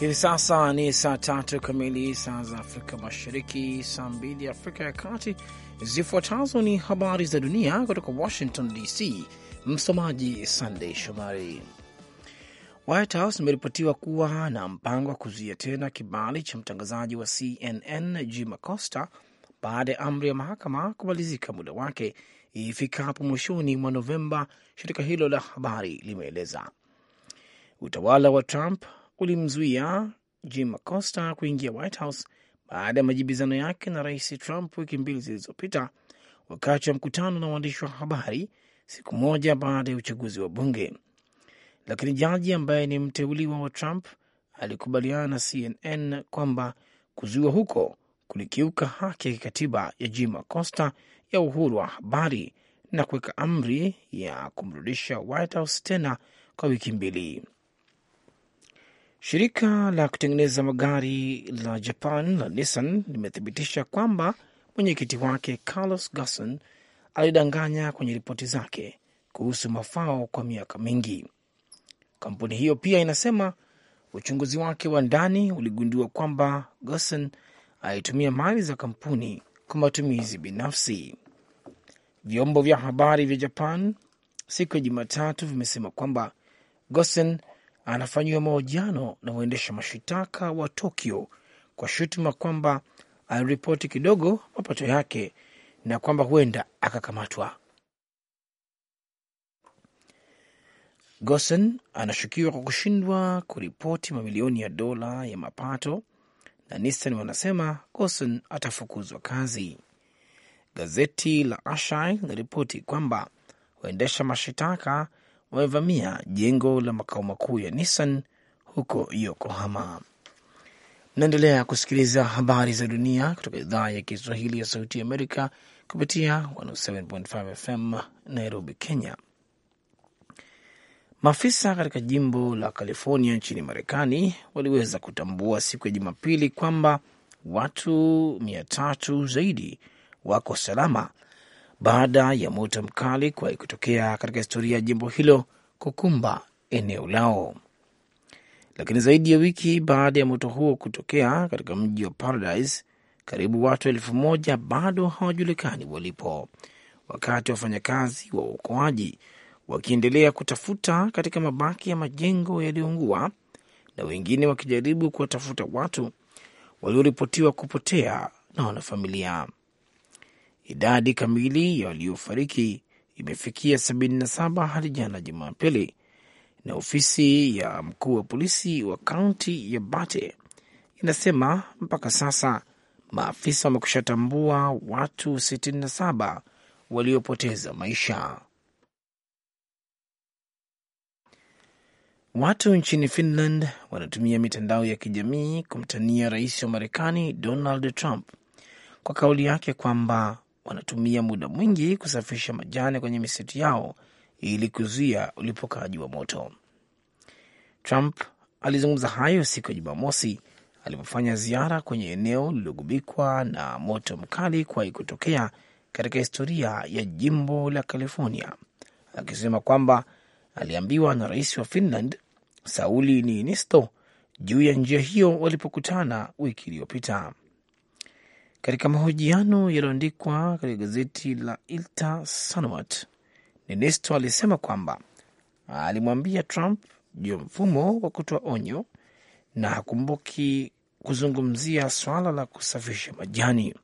Hivi sasa ni saa tatu kamili saa za Afrika Mashariki, saa mbili Afrika ya Kati. Zifuatazo ni habari za dunia kutoka Washington DC. Msomaji Sandey Shomari. White House imeripotiwa kuwa na mpango wa kuzuia tena kibali cha mtangazaji wa CNN Jim Acosta baada ya amri ya mahakama kumalizika muda wake ifikapo mwishoni mwa Novemba, shirika hilo la habari limeeleza. Utawala wa Trump ulimzuia Jim Acosta kuingia White House baada ya majibizano yake na Rais Trump wiki mbili zilizopita wakati wa mkutano na waandishi wa habari siku moja baada ya uchaguzi wa bunge. Lakini jaji ambaye ni mteuliwa wa Trump alikubaliana na CNN kwamba kuzuiwa huko kulikiuka haki ya kikatiba ya Jim Acosta ya uhuru wa habari na kuweka amri ya kumrudisha White House tena kwa wiki mbili. Shirika la kutengeneza magari la Japan la Nissan limethibitisha kwamba mwenyekiti wake Carlos Ghosn alidanganya kwenye ripoti zake kuhusu mafao kwa miaka mingi. Kampuni hiyo pia inasema uchunguzi wake wa ndani uligundua kwamba Ghosn alitumia mali za kampuni kwa matumizi binafsi. Vyombo vya habari vya Japan siku ya Jumatatu vimesema kwamba Ghosn anafanyiwa mahojiano na waendesha mashitaka wa Tokyo kwa shutuma kwamba aliripoti kidogo mapato yake na kwamba huenda akakamatwa. Gosen anashukiwa kwa kushindwa kuripoti mamilioni ya dola ya mapato na Nissan wanasema Gosen atafukuzwa kazi. Gazeti la Ashai linaripoti kwamba waendesha mashitaka wamevamia jengo la makao makuu ya Nissan huko Yokohama. Mnaendelea kusikiliza habari za dunia kutoka idhaa ya Kiswahili ya Sauti Amerika kupitia 107.5 FM Nairobi, Kenya. Maafisa katika jimbo la California nchini Marekani waliweza kutambua siku ya Jumapili kwamba watu mia tatu zaidi wako salama baada ya moto mkali kuwahi kutokea katika historia ya jimbo hilo kukumba eneo lao. Lakini zaidi ya wiki baada ya moto huo kutokea katika mji wa Paradise, karibu watu elfu moja bado hawajulikani walipo, wakati wafanyakazi wa uokoaji wakiendelea kutafuta katika mabaki ya majengo yaliyoungua na wengine wakijaribu kuwatafuta watu walioripotiwa kupotea na wanafamilia. Idadi kamili ya waliofariki imefikia 77 hadi jana Jumapili, na ofisi ya mkuu wa polisi wa kaunti ya Bate inasema mpaka sasa maafisa wamekushatambua watu 67 waliopoteza maisha. Watu nchini Finland wanatumia mitandao ya kijamii kumtania rais wa Marekani Donald Trump kwa kauli yake kwamba wanatumia muda mwingi kusafisha majani kwenye misitu yao ili kuzuia ulipokaji wa moto. Trump alizungumza hayo siku ya Jumamosi alipofanya ziara kwenye eneo lililogubikwa na moto mkali kuwahi kutokea katika historia ya jimbo la California, akisema kwamba aliambiwa na rais wa Finland Sauli Niinisto juu ya njia hiyo walipokutana wiki iliyopita. Katika mahojiano yaliyoandikwa katika gazeti la Ilta Sanwat, Nenesto alisema kwamba alimwambia Trump juu ya mfumo wa kutoa onyo na hakumbuki kuzungumzia swala la kusafisha majani.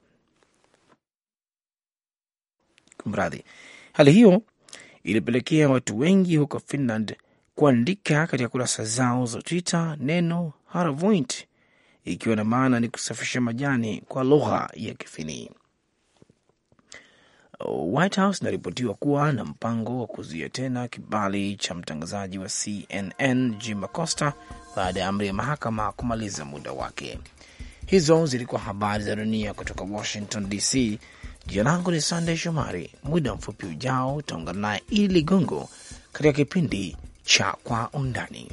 Kumradhi, hali hiyo ilipelekea watu wengi huko Finland kuandika katika kurasa zao za Twitter neno Haravoint ikiwa na maana ni kusafisha majani kwa lugha ya Kifini. White House inaripotiwa kuwa na mpango wa kuzuia tena kibali cha mtangazaji wa CNN Jim Acosta baada ya amri ya mahakama kumaliza muda wake. Hizo zilikuwa habari za dunia kutoka Washington DC. Jina langu ni Sandey Shomari. Muda mfupi ujao utaungana naye Ili Ligongo katika kipindi cha Kwa Undani.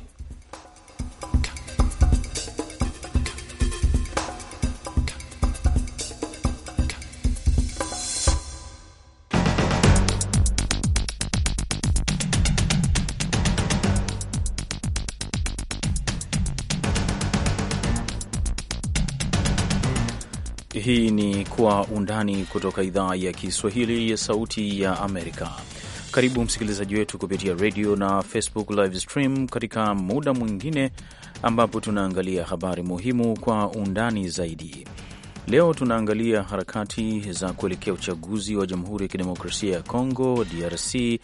Hii ni Kwa Undani kutoka idhaa ya Kiswahili ya Sauti ya Amerika. Karibu msikilizaji wetu kupitia radio na Facebook live stream katika muda mwingine ambapo tunaangalia habari muhimu kwa undani zaidi. Leo tunaangalia harakati za kuelekea uchaguzi wa Jamhuri ya Kidemokrasia ya Kongo, DRC,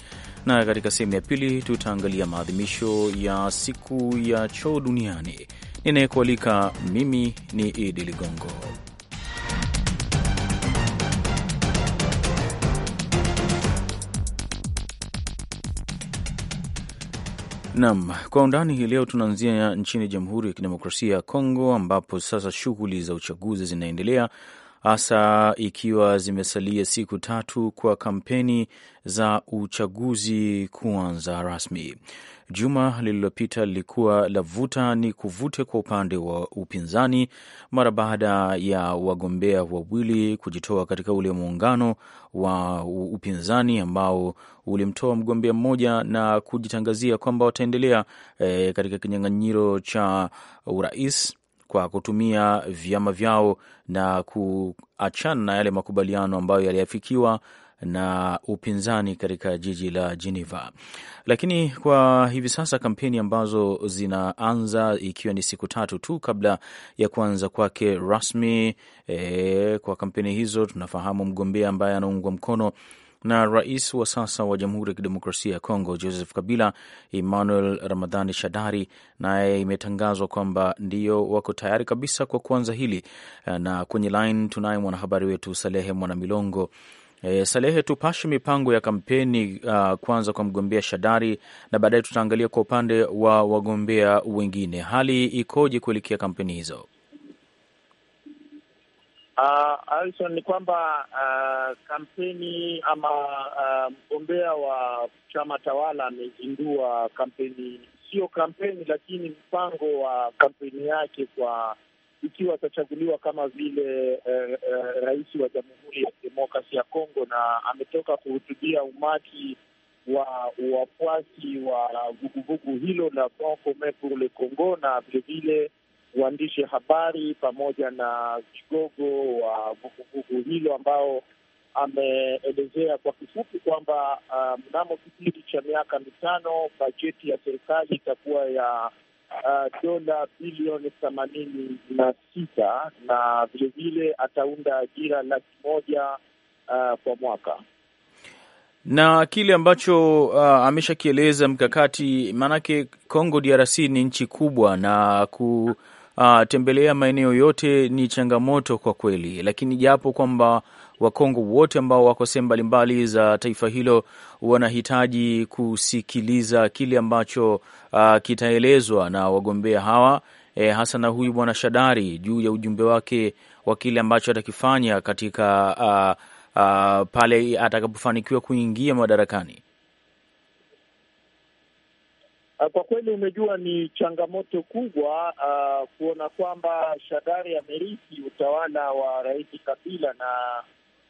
na katika sehemu ya pili tutaangalia maadhimisho ya siku ya choo duniani. Ninayekualika mimi ni Idi Ligongo. nam kwa undani hii leo tunaanzia nchini Jamhuri ya Kidemokrasia ya Kongo ambapo sasa shughuli za uchaguzi zinaendelea hasa ikiwa zimesalia siku tatu kwa kampeni za uchaguzi kuanza rasmi. Juma lililopita lilikuwa la vuta ni kuvute kwa upande wa upinzani mara baada ya wagombea wawili kujitoa katika ule muungano wa upinzani ambao ulimtoa mgombea mmoja na kujitangazia kwamba wataendelea e, katika kinyang'anyiro cha urais kwa kutumia vyama vyao na kuachana na yale makubaliano ambayo yaliafikiwa na upinzani katika jiji la Geneva. Lakini kwa hivi sasa kampeni ambazo zinaanza ikiwa ni siku tatu tu kabla ya kuanza kwake rasmi. E, kwa kampeni hizo tunafahamu mgombea ambaye anaungwa mkono na rais wa sasa wa Jamhuri ya Kidemokrasia ya Kongo Joseph Kabila, Emmanuel Ramadhani Shadari naye imetangazwa kwamba ndiyo wako tayari kabisa kwa kuanza hili. Na kwenye line tunaye mwanahabari wetu Salehe Mwanamilongo. E, Salehe, tupashe mipango ya kampeni uh, kwanza kwa mgombea Shadari na baadaye tutaangalia kwa upande wa wagombea wengine. Hali ikoje kuelekea kampeni hizo? Uh, Alison, ni kwamba uh, kampeni ama uh, mgombea wa chama tawala amezindua kampeni, sio kampeni lakini mpango wa kampeni yake kwa ikiwa atachaguliwa kama vile uh, uh, rais wa Jamhuri ya Kidemokrasi ya Kongo, na ametoka kuhutubia umati wa wafuasi wa vuguvugu hilo la Front Commun pour le Congo na vilevile waandishi habari pamoja na vigogo wa vuguvugu hilo ambao ameelezea kwa kifupi kwamba uh, mnamo kipindi cha miaka mitano bajeti ya serikali itakuwa ya uh, dola bilioni themanini na sita na vilevile ataunda ajira laki moja uh, kwa mwaka na kile ambacho uh, ameshakieleza mkakati. Maanake Congo DRC ni nchi kubwa na ku uh, tembelea maeneo yote ni changamoto kwa kweli, lakini japo kwamba Wakongo wote ambao wako sehemu mbalimbali za taifa hilo wanahitaji kusikiliza kile ambacho uh, kitaelezwa na wagombea hawa e, hasa na huyu bwana Shadari juu ya ujumbe wake wa kile ambacho atakifanya katika uh, uh, pale atakapofanikiwa kuingia madarakani. Ah, kwa kweli umejua, ni changamoto kubwa uh, kuona kwamba Shadari amerithi utawala wa Rais Kabila na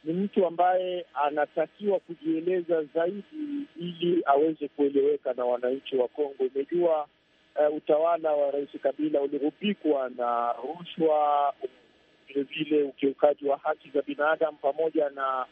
ni mtu ambaye anatakiwa kujieleza zaidi ili aweze kueleweka na wananchi wa Kongo. Umejua, uh, utawala wa Rais Kabila ulirubikwa na rushwa, vilevile ukiukaji wa haki za binadamu pamoja na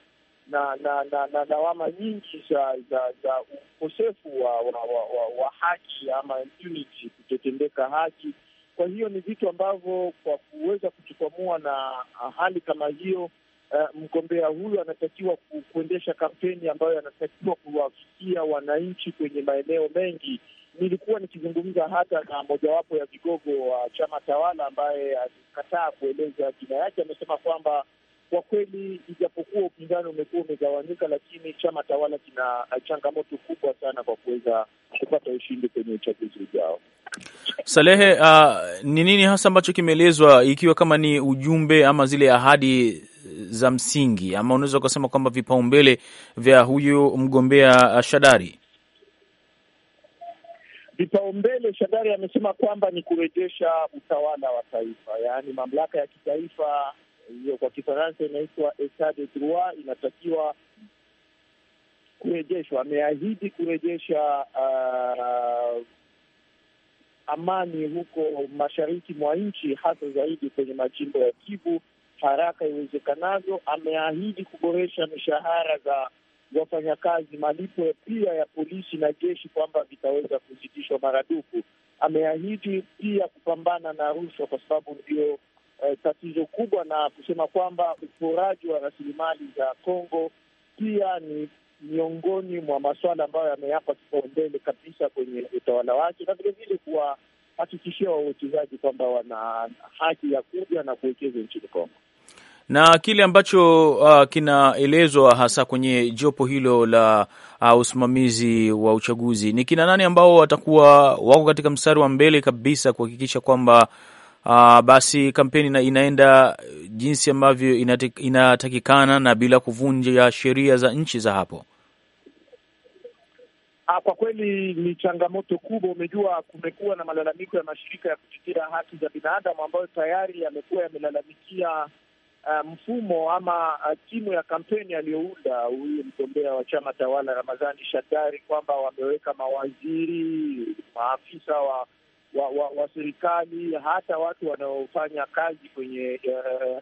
na na na na lawama nyingi za za za ukosefu wa wa, wa wa haki ama impunity, kutotendeka haki. Kwa hiyo ni vitu ambavyo kwa kuweza kuchukamua na ah, hali kama hiyo uh, mgombea huyu anatakiwa kuendesha kampeni ambayo anatakiwa kuwafikia wananchi kwenye maeneo mengi. Nilikuwa nikizungumza hata na mojawapo ya vigogo wa uh, chama tawala ambaye alikataa kueleza jina yake, amesema kwamba kwa kweli, ijapokuwa upinzani umekuwa umegawanyika, lakini chama tawala kina eh, changamoto kubwa sana kwa kuweza kupata ushindi kwenye uchaguzi ujao. Salehe, ah, ni uh, nini hasa ambacho kimeelezwa, ikiwa kama ni ujumbe ama zile ahadi za msingi, ama unaweza ukasema kwamba vipaumbele vya huyu mgombea ah, Shadari? Vipaumbele Shadari amesema kwamba ni kurejesha utawala wa taifa, yaani mamlaka ya kitaifa hiyo kwa Kifaransa inaitwa etat de droit, inatakiwa kurejeshwa. Ameahidi kurejesha uh, amani huko mashariki mwa nchi, hasa zaidi kwenye majimbo ya Kivu haraka iwezekanavyo. Ameahidi kuboresha mishahara za wafanyakazi, malipo pia ya polisi na jeshi kwamba vitaweza kuzidishwa maradufu. Ameahidi pia kupambana na rushwa, kwa sababu ndio eh, tatizo kubwa na kusema kwamba uporaji wa rasilimali za Kongo pia ni miongoni mwa masuala ambayo yameyapa kipaumbele kabisa kwenye utawala wake, na vilevile kuwahakikishia wawekezaji kwamba wana haki ya kuja na kuwekeza nchini Kongo na kile ambacho uh, kinaelezwa hasa kwenye jopo hilo la uh, usimamizi wa uchaguzi ni kina nani ambao watakuwa wako katika mstari wa mbele kabisa kuhakikisha kwamba uh, basi kampeni na inaenda jinsi ambavyo inatakikana na bila kuvunja sheria za nchi za hapo? Ah, kwa kweli ni changamoto kubwa. Umejua, kumekuwa na malalamiko ya mashirika ya kutetea haki za binadamu ambayo tayari yamekuwa yamelalamikia uh, mfumo ama timu ya kampeni aliyounda huyu mgombea wa chama tawala Ramadhani Shadari kwamba wameweka mawaziri, maafisa wa wa, wa, wa serikali, hata watu wanaofanya kazi kwenye uh,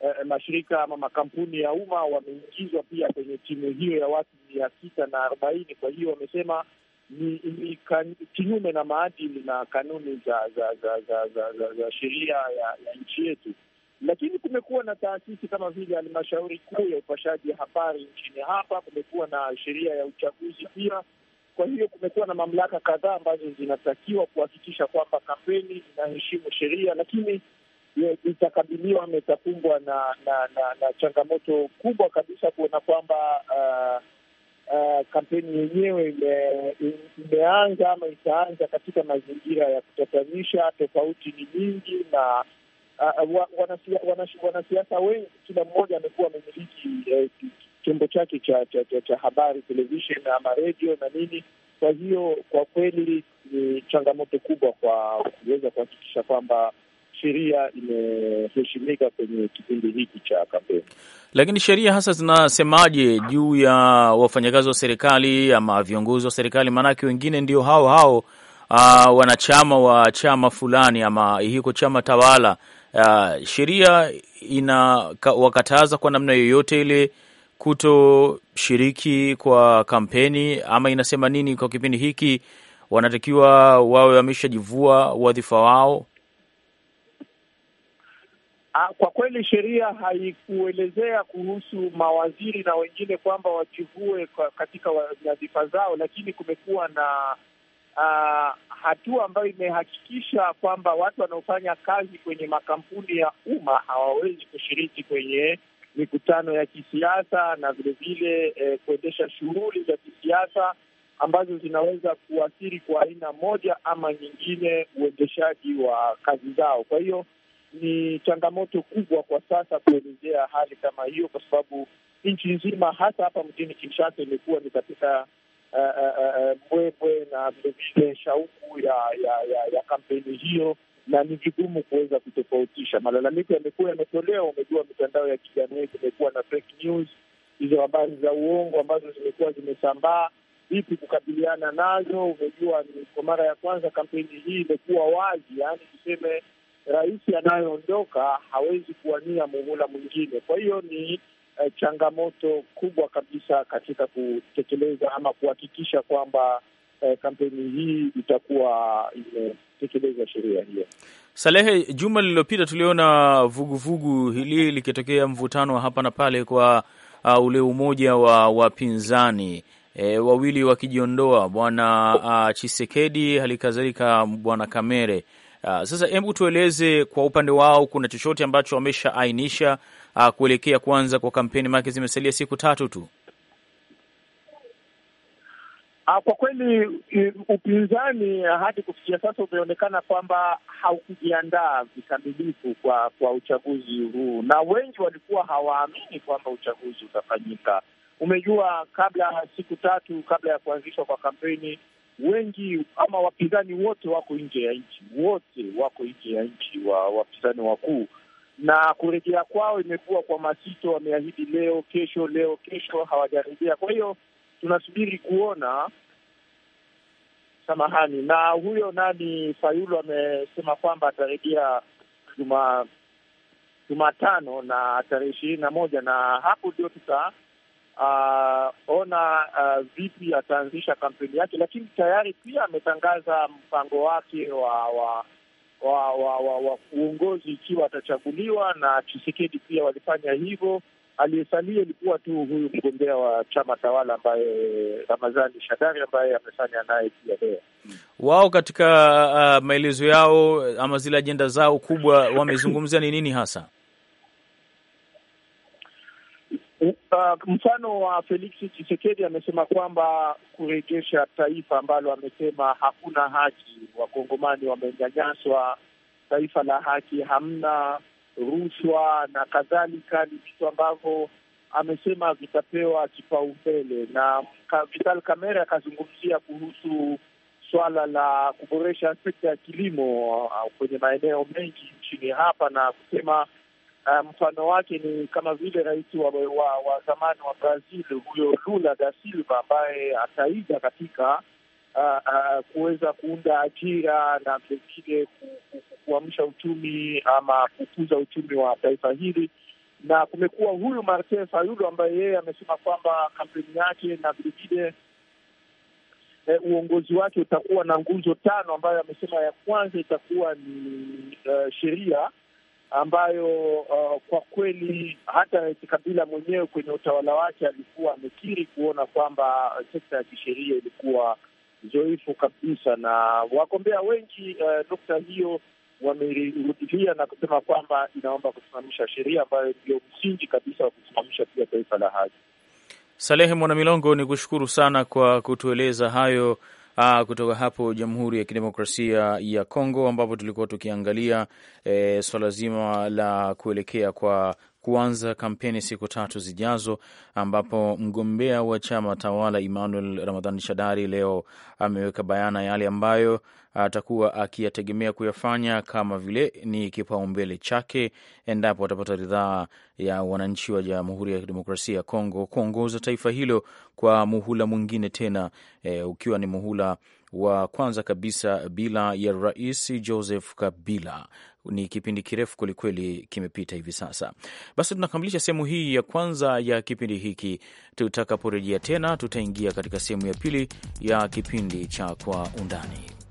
uh, mashirika ama makampuni ya umma wameingizwa pia kwenye timu hiyo ya watu mia sita na arobaini. Kwa hiyo wamesema ni, ni kan, kinyume na maadili na kanuni za za za za, za, za, za sheria ya, ya nchi yetu. Lakini kumekuwa na taasisi kama vile halmashauri kuu ya upashaji habari nchini hapa, kumekuwa na sheria ya uchaguzi pia kwa hiyo kumekuwa na mamlaka kadhaa ambazo zinatakiwa kuhakikisha kwamba kampeni inaheshimu sheria, lakini e, itakabiliwa ama itakumbwa na, na, na, na changamoto kubwa kabisa kuona kwamba uh, uh, kampeni yenyewe imeanza ama itaanza katika mazingira ya kutatanisha. Tofauti ni nyingi na uh, wanasiasa wana, wana wengi, kila mmoja amekuwa amemiliki eh, chombo chake cha, cha, cha, cha habari televishen ama redio na nini. Kwa hiyo kwa kweli ni changamoto kubwa kwa kuweza kuhakikisha kwamba sheria imeheshimika kwenye kipindi hiki cha kampeni. Lakini sheria hasa zinasemaje juu ya wafanyakazi wa serikali ama viongozi wa serikali? Maanake wengine ndio hao hao uh, wanachama wa chama fulani ama hiko chama tawala. Uh, sheria inawakataza kwa namna yoyote ile kutoshiriki kwa kampeni ama inasema nini kwa kipindi hiki? Wanatakiwa wawe wameshajivua wadhifa wao? Ah, kwa kweli sheria haikuelezea kuhusu mawaziri na wengine kwamba wajivue katika nyadhifa zao, lakini kumekuwa na uh, hatua ambayo imehakikisha kwamba watu wanaofanya kazi kwenye makampuni ya umma hawawezi kushiriki kwenye mikutano ya kisiasa na vilevile eh, kuendesha shughuli za kisiasa ambazo zinaweza kuathiri kwa aina moja ama nyingine uendeshaji wa kazi zao. Kwa hiyo ni changamoto kubwa kwa sasa kuelezea hali kama hiyo, kwa sababu nchi nzima, hasa hapa mjini Kinshasa, imekuwa ni katika uh, uh, uh, na vilevile shauku ya, ya, ya, ya kampeni hiyo na ni vigumu kuweza kutofautisha. Malalamiko yamekuwa yametolewa, umejua mitandao ya kijamii kumekuwa na fake news, hizo habari za uongo ambazo zimekuwa zimesambaa. Vipi kukabiliana nazo? Umejua ni kwa mara ya kwanza kampeni hii imekuwa wazi, yaani tuseme rais anayeondoka hawezi kuwania muhula mwingine. Kwa hiyo ni eh, changamoto kubwa kabisa katika kutekeleza ama kuhakikisha kwamba eh, kampeni hii itakuwa imetekeleza sheria hiyo. Salehe, juma lililopita tuliona vuguvugu hili likitokea mvutano wa hapa na pale kwa uh, ule umoja wa wapinzani E, wawili wakijiondoa bwana uh, Chisekedi hali kadhalika bwana Kamere. Uh, sasa hebu tueleze kwa upande wao, kuna chochote ambacho wameshaainisha uh, kuelekea kuanza kwa kampeni? Maake zimesalia siku tatu tu. Ah, kwa kweli upinzani hadi kufikia sasa umeonekana kwamba haukujiandaa vikamilifu kwa kwa uchaguzi huu, na wengi walikuwa hawaamini kwamba uchaguzi utafanyika. Umejua, kabla siku tatu kabla ya kuanzishwa kwa kampeni, wengi ama wapinzani wote wako nje ya nchi, wote wako nje ya nchi, wa wapinzani wakuu, na kurejea kwao imekuwa kwa masito. Wameahidi leo, kesho, leo, kesho, hawajarejea. Kwa hiyo tunasubiri kuona samahani. Na huyo nani Fayulu amesema kwamba atarejea juma Jumatano na tarehe ishirini na moja na hapo ndio tuta uh, ona uh, vipi ataanzisha kampeni yake, lakini tayari pia ametangaza mpango wake wa wa wa wa, wa, wa uongozi ikiwa atachaguliwa, na Chisekedi pia walifanya hivyo aliyesalia ilikuwa tu huyu mgombea wa chama tawala ambaye Ramadhani Shadari ambaye amefanya naye pia leo. Wao katika uh, maelezo yao ama zile ajenda zao kubwa wamezungumzia ni nini hasa? Uh, mfano wa Felix Tshisekedi amesema kwamba kurejesha taifa ambalo amesema hakuna haki, wakongomani wamenyanyaswa, taifa la haki hamna rushwa na kadhalika, ni vitu ambavyo amesema vitapewa kipaumbele. Na Vital Kamerhe akazungumzia kuhusu swala la kuboresha sekta ya kilimo uh, kwenye maeneo mengi nchini hapa na kusema uh, mfano wake ni kama vile rais wa, wa, wa zamani wa Brazil huyo Lula da Silva ambaye ataiga katika uh, uh, kuweza kuunda ajira na vilevile kuamsha uchumi ama kukuza uchumi wa taifa hili, na kumekuwa huyu Martin Fayulu ambaye yeye amesema kwamba kampeni yake na vilevile E, uongozi wake utakuwa na nguzo tano ambayo amesema ya kwanza itakuwa ni uh, sheria ambayo uh, kwa kweli hata Kabila mwenyewe kwenye utawala wake alikuwa amekiri kuona kwamba sekta ya kisheria ilikuwa zoefu kabisa, na wagombea wengi uh, nukta hiyo wameirudhilia na kusema kwamba inaomba kusimamisha sheria ambayo ndio msingi kabisa wa kusimamisha pia taifa la haji. Salehe Mwanamilongo, ni kushukuru sana kwa kutueleza hayo Aa, ah, kutoka hapo Jamhuri ya Kidemokrasia ya Kongo ambapo tulikuwa tukiangalia e, swala zima la kuelekea kwa kuanza kampeni siku tatu zijazo, ambapo mgombea wa chama tawala Emmanuel Ramadhan Shadari leo ameweka bayana yale ambayo atakuwa akiyategemea kuyafanya kama vile ni kipaumbele chake endapo atapata ridhaa ya wananchi wa Jamhuri ya Kidemokrasia ya Kongo kuongoza taifa hilo kwa muhula mwingine tena, e, ukiwa ni muhula wa kwanza kabisa bila ya Rais Joseph Kabila ni kipindi kirefu kwelikweli kimepita hivi sasa. Basi tunakamilisha sehemu hii ya kwanza ya kipindi hiki. Tutakaporejea tena, tutaingia katika sehemu ya pili ya kipindi cha Kwa Undani.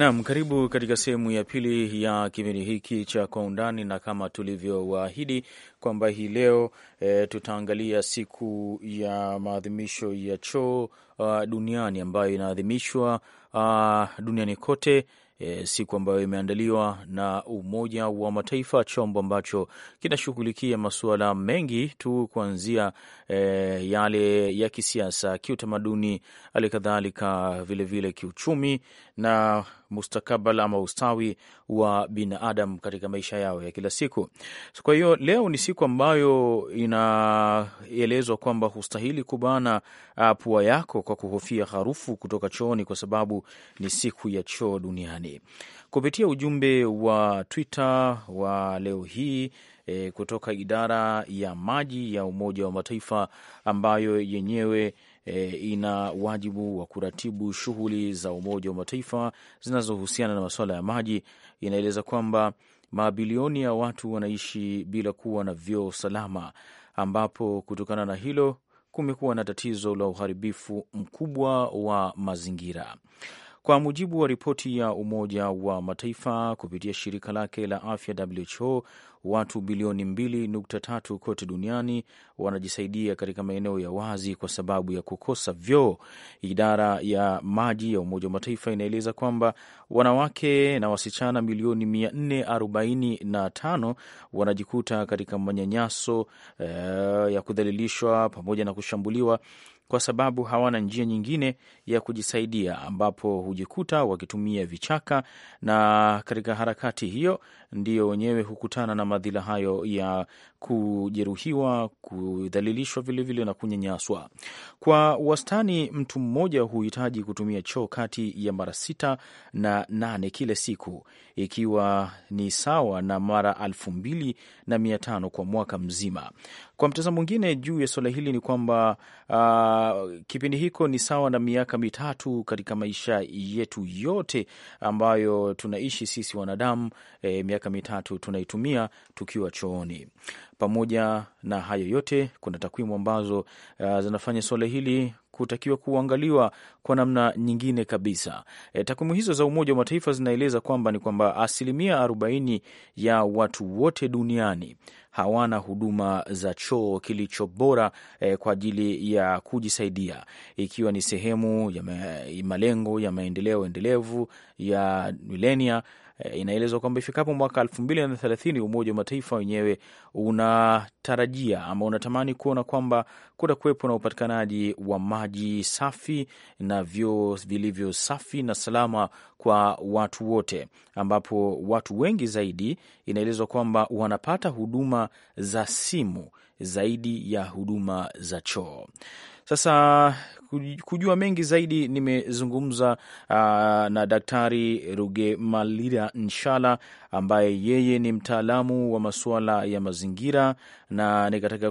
Naam, karibu katika sehemu ya pili ya kipindi hiki cha Kwa Undani, na kama tulivyowaahidi kwamba hii leo e, tutaangalia siku ya maadhimisho ya choo uh, duniani ambayo inaadhimishwa uh, duniani kote e, siku ambayo imeandaliwa na Umoja wa Mataifa, chombo ambacho kinashughulikia masuala mengi tu kuanzia e, yale ya kisiasa, kiutamaduni, hali kadhalika vilevile kiuchumi na mustakabal ama ustawi wa binadamu katika maisha yao ya kila siku. Kwa hiyo leo ni siku ambayo inaelezwa kwamba hustahili kubana uh, pua yako kwa kuhofia harufu kutoka chooni, kwa sababu ni siku ya choo duniani. Kupitia ujumbe wa Twitter wa leo hii e, kutoka idara ya maji ya Umoja wa Mataifa ambayo yenyewe e, ina wajibu wa kuratibu shughuli za Umoja wa Mataifa zinazohusiana na masuala ya maji. Inaeleza kwamba mabilioni ya watu wanaishi bila kuwa na vyoo salama, ambapo kutokana na hilo kumekuwa na tatizo la uharibifu mkubwa wa mazingira. Kwa mujibu wa ripoti ya Umoja wa Mataifa kupitia shirika lake la afya WHO, watu bilioni 2.3 kote duniani wanajisaidia katika maeneo ya wazi kwa sababu ya kukosa vyoo. Idara ya maji ya Umoja wa Mataifa inaeleza kwamba wanawake na wasichana milioni 445 wanajikuta katika manyanyaso eh, ya kudhalilishwa pamoja na kushambuliwa kwa sababu hawana njia nyingine ya kujisaidia, ambapo hujikuta wakitumia vichaka, na katika harakati hiyo ndio wenyewe hukutana na madhila hayo ya kujeruhiwa, kudhalilishwa vilevile na kunyanyaswa. Kwa wastani, mtu mmoja huhitaji kutumia choo kati ya mara sita na nane kila siku, ikiwa ni sawa na mara elfu mbili na mia tano kwa mwaka mzima. Kwa mtazamo mwingine juu ya suala hili ni kwamba uh, kipindi hiko ni sawa na miaka mitatu katika maisha yetu yote ambayo tunaishi sisi wanadamu. E, miaka mitatu tunaitumia tukiwa chooni. Pamoja na hayo yote, kuna takwimu ambazo uh, zinafanya suala hili kutakiwa kuangaliwa kwa namna nyingine kabisa. E, takwimu hizo za Umoja wa Mataifa zinaeleza kwamba ni kwamba asilimia 40 ya watu wote duniani hawana huduma za choo kilicho bora eh, kwa ajili ya kujisaidia, ikiwa ni sehemu ya malengo ya maendeleo endelevu ya milenia E, inaelezwa kwamba ifikapo mwaka elfu mbili na thelathini Umoja wa Mataifa wenyewe unatarajia ama unatamani kuona kwamba kutakuwepo na upatikanaji wa maji safi na vyoo vilivyo safi na salama kwa watu wote, ambapo watu wengi zaidi inaelezwa kwamba wanapata huduma za simu zaidi ya huduma za choo. Sasa kujua mengi zaidi nimezungumza uh, na Daktari Rugemalira Nshala ambaye yeye ni mtaalamu wa masuala ya mazingira, na nikataka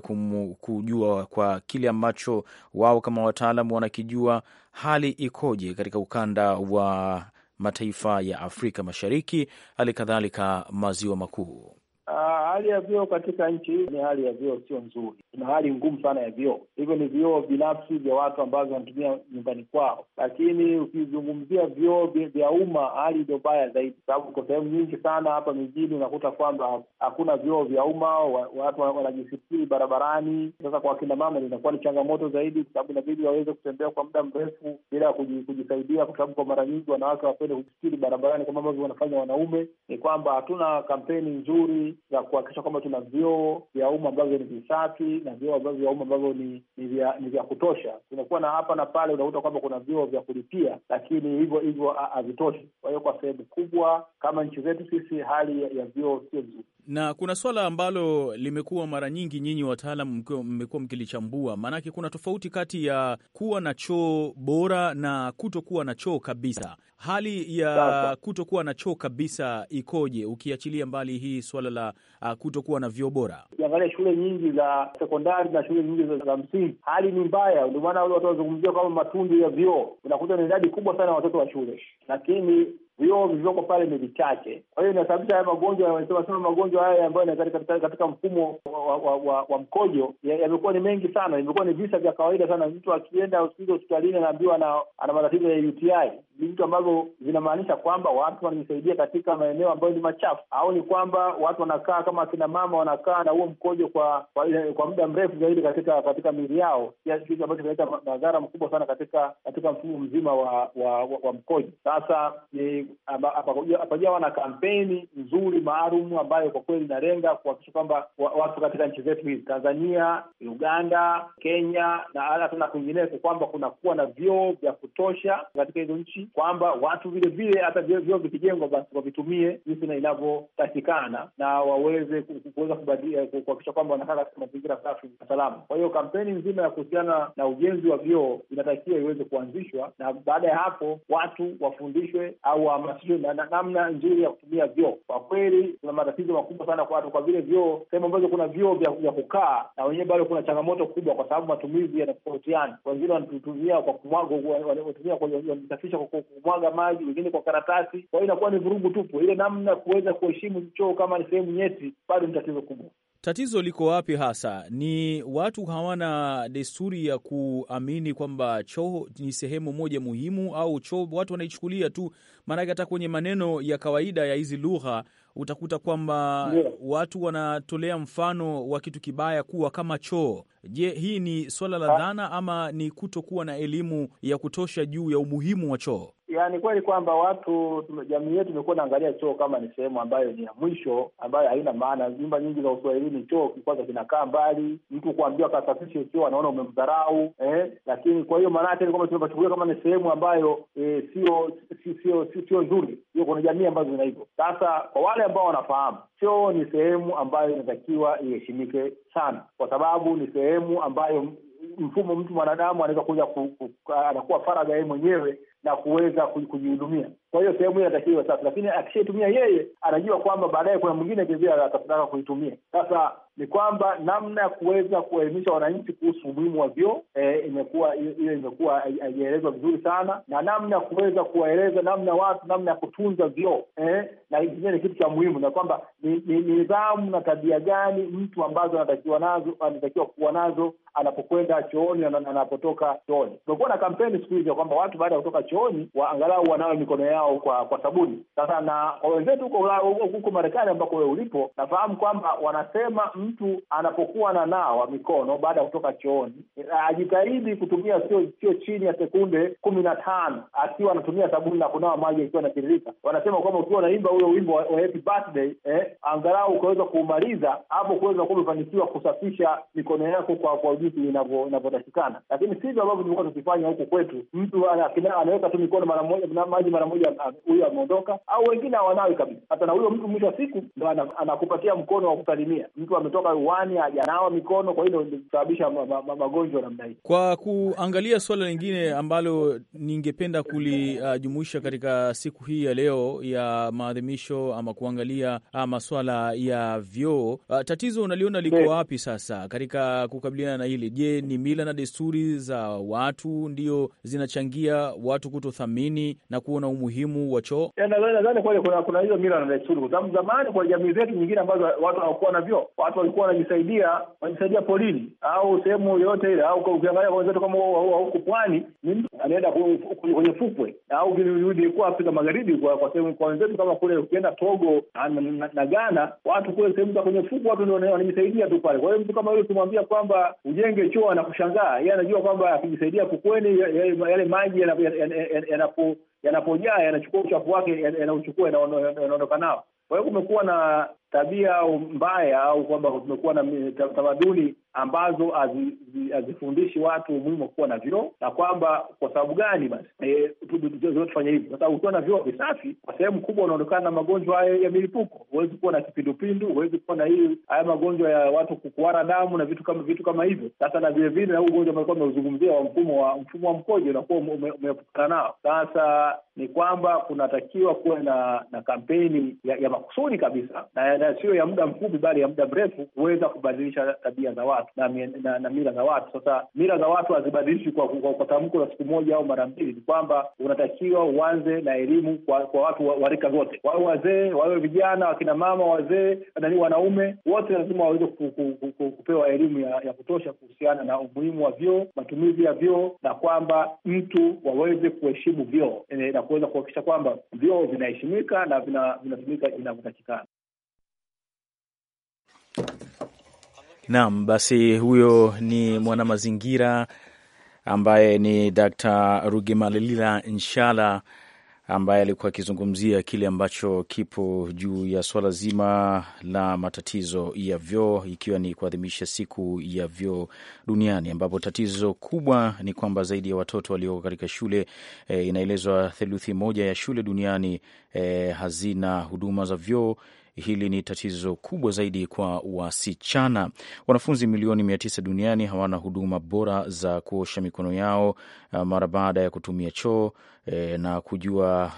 kujua kwa kile ambacho wao kama wataalamu wanakijua hali ikoje katika ukanda wa mataifa ya Afrika Mashariki, hali kadhalika maziwa makuu. Ah, hali ya vyoo katika nchi hii ni hali ya vyoo sio nzuri, kuna hali ngumu sana ya vyoo. Hivyo ni vyoo binafsi vya watu ambavyo wanatumia nyumbani kwao, lakini ukizungumzia vyoo vya umma, hali ndio mbaya zaidi, sababu kwa sehemu nyingi sana hapa mijini unakuta kwamba hakuna vyoo vya umma, watu wanajifikiri barabarani. Sasa kwa wakina mama inakuwa ni changamoto zaidi, kwa sababu inabidi waweze kutembea kwa muda mrefu bila kujisaidia, kwa sababu kwa mara nyingi wanawake wapende kujifikiri barabarani kama ambavyo wanafanya wanaume. Ni kwamba hatuna kampeni nzuri za kuhakikisha kwamba tuna vyoo vya umma ambavyo ni visafi na vyoo ambavyo vya umma ambavyo ni ni vya, ni vya kutosha. Kunakuwa na hapa na pale, unakuta kwamba kuna vyoo vya kulipia, lakini hivyo hivyo havitoshi. Kwa hiyo kwa sehemu kubwa kama nchi zetu sisi, hali ya vyoo sio vizuri na kuna swala ambalo limekuwa mara nyingi nyinyi wataalam mmekuwa mkilichambua, maanake kuna tofauti kati ya kuwa na choo bora na kutokuwa na choo kabisa. Hali ya kutokuwa na choo kabisa ikoje, ukiachilia mbali hii swala la uh, kutokuwa na vyoo bora? Ukiangalia shule nyingi za sekondari na shule nyingi za msingi, hali ni mbaya. Ndio maana watu wanazungumzia kama matundu ya vyoo, unakuta ni idadi kubwa sana ya watoto wa shule, lakini vioo vilivyoko pale ni vichache, kwa hiyo inasababisha haya magonjwa wanasema sana, magonjwa haya ambayo katika mfumo wa, wa, wa, wa mkojo yamekuwa ya ni mengi sana, imekuwa ni visa vya kawaida sana. Mtu akienda hospitalini anaambiwa ana matatizo ya UTI ni vitu ambavyo vinamaanisha kwamba watu wanajisaidia katika maeneo ambayo ni machafu, au ni kwamba watu wanakaa kama akina mama wanakaa na huo mkojo kwa kwa, kwa muda mrefu zaidi katika katika miili yao, kitu ambacho kinaleta madhara mkubwa sana katika katika mfumo mzima wa wa, wa, wa mkojo. Sasa apajawa na kampeni nzuri maalum ambayo kwa kweli inalenga kuhakikisha kwamba watu katika nchi zetu hizi Tanzania, Uganda, Kenya na hata na kwingineko kwamba kunakuwa na vyoo vya kutosha katika hizo nchi kwamba watu vile vile hata vyoo vikijengwa, basi wavitumie jinsi na inavyotakikana na waweze kuweza eh, kuhakikisha kwamba wanakaa katika mazingira safi na salama. Kwa hiyo kampeni nzima ya kuhusiana na ujenzi wa vyoo inatakiwa iweze kuanzishwa, na baada ya hapo watu wafundishwe au wahamasishwe na namna nzuri ya kutumia vyoo. Kwa kweli kuna matatizo makubwa sana kwa watu, kwa vile vyoo, sehemu ambazo kuna vyoo vya kukaa na wenyewe bado kuna changamoto kubwa, kwa sababu matumizi yanatofautiana. Wengine wanatumia kwa kumwaga, wanatumia kusafisha kwa kwa kumwaga maji, wengine kwa karatasi. Kwa hiyo inakuwa ni vurugu tupu. Ile namna kuweza kuheshimu choo kama ni sehemu nyeti, bado ni tatizo kubwa. Tatizo liko wapi hasa? Ni watu hawana desturi ya kuamini kwamba choo ni sehemu moja muhimu, au choo watu wanaichukulia tu Maanake hata kwenye maneno ya kawaida ya hizi lugha utakuta kwamba yeah, watu wanatolea mfano wa kitu kibaya kuwa kama choo. Je, hii ni swala la ah. dhana ama ni kutokuwa na elimu ya kutosha juu ya umuhimu wa choo? Yani kweli kwamba watu, jamii yetu imekuwa naangalia choo kama ni sehemu ambayo ni ya mwisho, ambayo haina maana. Nyumba nyingi za Uswahilini choo kwanza kinakaa mbali, mtu kuambiwa kasafishe choo anaona umemdharau eh? Lakini kwa hiyo maanake ni kwamba tunapachukulia kama ni sehemu ambayo eh, sio sio sio nzuri hiyo. Kuna jamii ambazo zina hivyo. Sasa kwa wale ambao wanafahamu, choo ni sehemu ambayo inatakiwa iheshimike sana, kwa sababu ni sehemu ambayo mfumo mtu mwanadamu anaweza kuja anakuwa faragha yeye mwenyewe na kuweza kujihudumia. Kwa hiyo sehemu hiyo inatakiwa sasa, lakini akishaitumia yeye anajua kwamba baadaye kuna mwingine vilevile atataka kuitumia. Sasa ni kwamba namna ya kuweza kuwaelimisha wananchi kuhusu umuhimu wa vyoo e, imekuwa hiyo imekuwa haijaelezwa vizuri sana, na namna ya kuweza kuwaeleza namna watu namna ya kutunza vyoo e, na ingine ni kitu cha muhimu, na kwamba ni nidhamu na tabia gani mtu ambazo anatakiwa nazo anatakiwa kuwa nazo anapokwenda chooni, anapotoka chooni. Tumekuwa na kampeni siku hizi ya kwamba watu baada ya kutoka chooni, wa angalau wanawe mikono yao kwa kwa sabuni. Sasa na kwa wenzetu huko Marekani ambako wewe ulipo, nafahamu kwamba wanasema mtu anapokuwa na nawa mikono baada ya kutoka chooni ajitahidi kutumia sio sio chini ya sekunde kumi na tano akiwa anatumia sabuni na kunawa maji akiwa anatiririka. Wanasema kwamba ukiwa unaimba huyo wimbo wa happy birthday, eh, angalau ukaweza kuumaliza hapo, kuweza kuwa umefanikiwa kusafisha mikono yako kwa kwa ujuzi inavyotakikana, lakini sivyo ambavyo tukifanya huku kwetu, mtu anaweka unaweka tu mikono mara moja na maji mara moja, ah, huyo ameondoka. Au wengine hawanawi kabisa hata, na huyo mtu mwisho wa siku ndo anakupatia mkono wa kusalimia. Mtu ametoka uwani hajanawa mikono, kwa hiyo kusababisha magonjwa namna hii. Kwa kuangalia suala lingine ambalo ningependa kulijumuisha katika siku hii ya leo ya maadhimisho ama kuangalia ah, maswala ya vyoo ah, tatizo unaliona liko wapi sasa katika kukabiliana na hili? Je, ni mila na desturi za watu ndio zinachangia watu watu kutothamini na kuona umuhimu wa choo? Nadhani kweli kuna kuna hizo mila na desturi, kwa sababu zamani kwa jamii zetu nyingine ambazo watu hawakuwa na vyoo, watu walikuwa wanajisaidia wanajisaidia polini au sehemu yoyote ile, au ukiangalia wenzetu kama huku pwani ni mtu anaenda kwenye fukwe, au ilikuwa Afrika Magharibi kwa sehemu kwa wenzetu kama kule ukienda Togo na Ghana, watu kule sehemu za kwenye fukwe watu ndio wanajisaidia tu pale. Kwa hiyo mtu kama yule ukimwambia kwamba ujenge choo, anakushangaa yeye, anajua kwamba akijisaidia fukweni yale maji yanapo yanapojaa yanachukua uchafu wake yanauchukua yanaondoka nao. Kwa hiyo kumekuwa na tabia mbaya au kwamba tumekuwa na tamaduni ambazo hazifundishi watu umuhimu wa kuwa na vyoo na kwamba kwa sababu gani basi eh, tufanye hivyo. Sasa ukiwa na vyoo visafi, kwa sehemu kubwa unaonekana na magonjwa hayo ya milipuko. Huwezi kuwa na kipindupindu, huwezi kuwa na hii haya magonjwa ya watu kukuara damu na vitu kama vitu kama hivyo. Sasa na vilevile na huu ugonjwa ambao umeuzungumzia wa mfumo wa mfumo wa mkojo unakuwa umeepukana nao. Sasa ni kwamba kunatakiwa kuwe na na kampeni ya, ya makusudi kabisa na na siyo ya muda mfupi, bali ya muda mrefu, huweza kubadilisha tabia za watu na, na, na mira za watu. Sasa mira za watu hazibadilishwi kwa, kwa, kwa tamko la siku moja au mara mbili. Ni kwamba unatakiwa uanze na elimu kwa, kwa watu wa, rika zote, wawe wazee, wawe vijana, wakina mama, wazee nani, wanaume wote lazima waweze ku, ku, ku, ku, kupewa elimu ya, ya kutosha kuhusiana na umuhimu wa vyoo, matumizi ya vyoo, na kwamba mtu waweze kuheshimu vyoo eh, na kuweza kuhakikisha kwamba vyoo vinaheshimika na vinatumika inavyotakikana. Naam, basi huyo ni mwanamazingira ambaye ni Dr. Rugemalila Nshala ambaye alikuwa akizungumzia kile ambacho kipo juu ya swala zima la matatizo ya vyoo, ikiwa ni kuadhimisha siku ya vyoo duniani, ambapo tatizo kubwa ni kwamba zaidi ya watoto walioko katika shule e, inaelezwa theluthi moja ya shule duniani e, hazina huduma za vyoo hili ni tatizo kubwa zaidi kwa wasichana. Wanafunzi milioni mia tisa duniani hawana huduma bora za kuosha mikono yao Ah, mara baada ya kutumia choo e, na kujua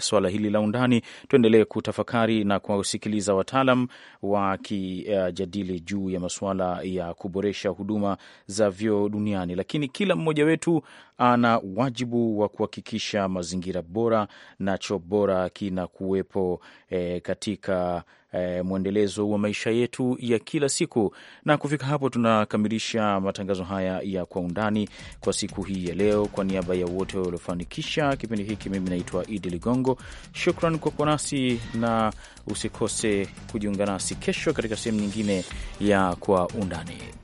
swala hili la undani, tuendelee kutafakari na kuwasikiliza wataalam wakijadili juu ya masuala ya kuboresha huduma za vyoo duniani, lakini kila mmoja wetu ana wajibu wa kuhakikisha mazingira bora na choo bora kinakuwepo e, katika e, mwendelezo wa maisha yetu ya kila siku. Na kufika hapo, tunakamilisha matangazo haya ya kwa undani kwa siku hii ya leo. Kwa niaba ya wote waliofanikisha kipindi hiki, mimi naitwa Idi Ligongo. Shukran kwa kuwa nasi na usikose kujiunga nasi kesho katika sehemu nyingine ya kwa undani.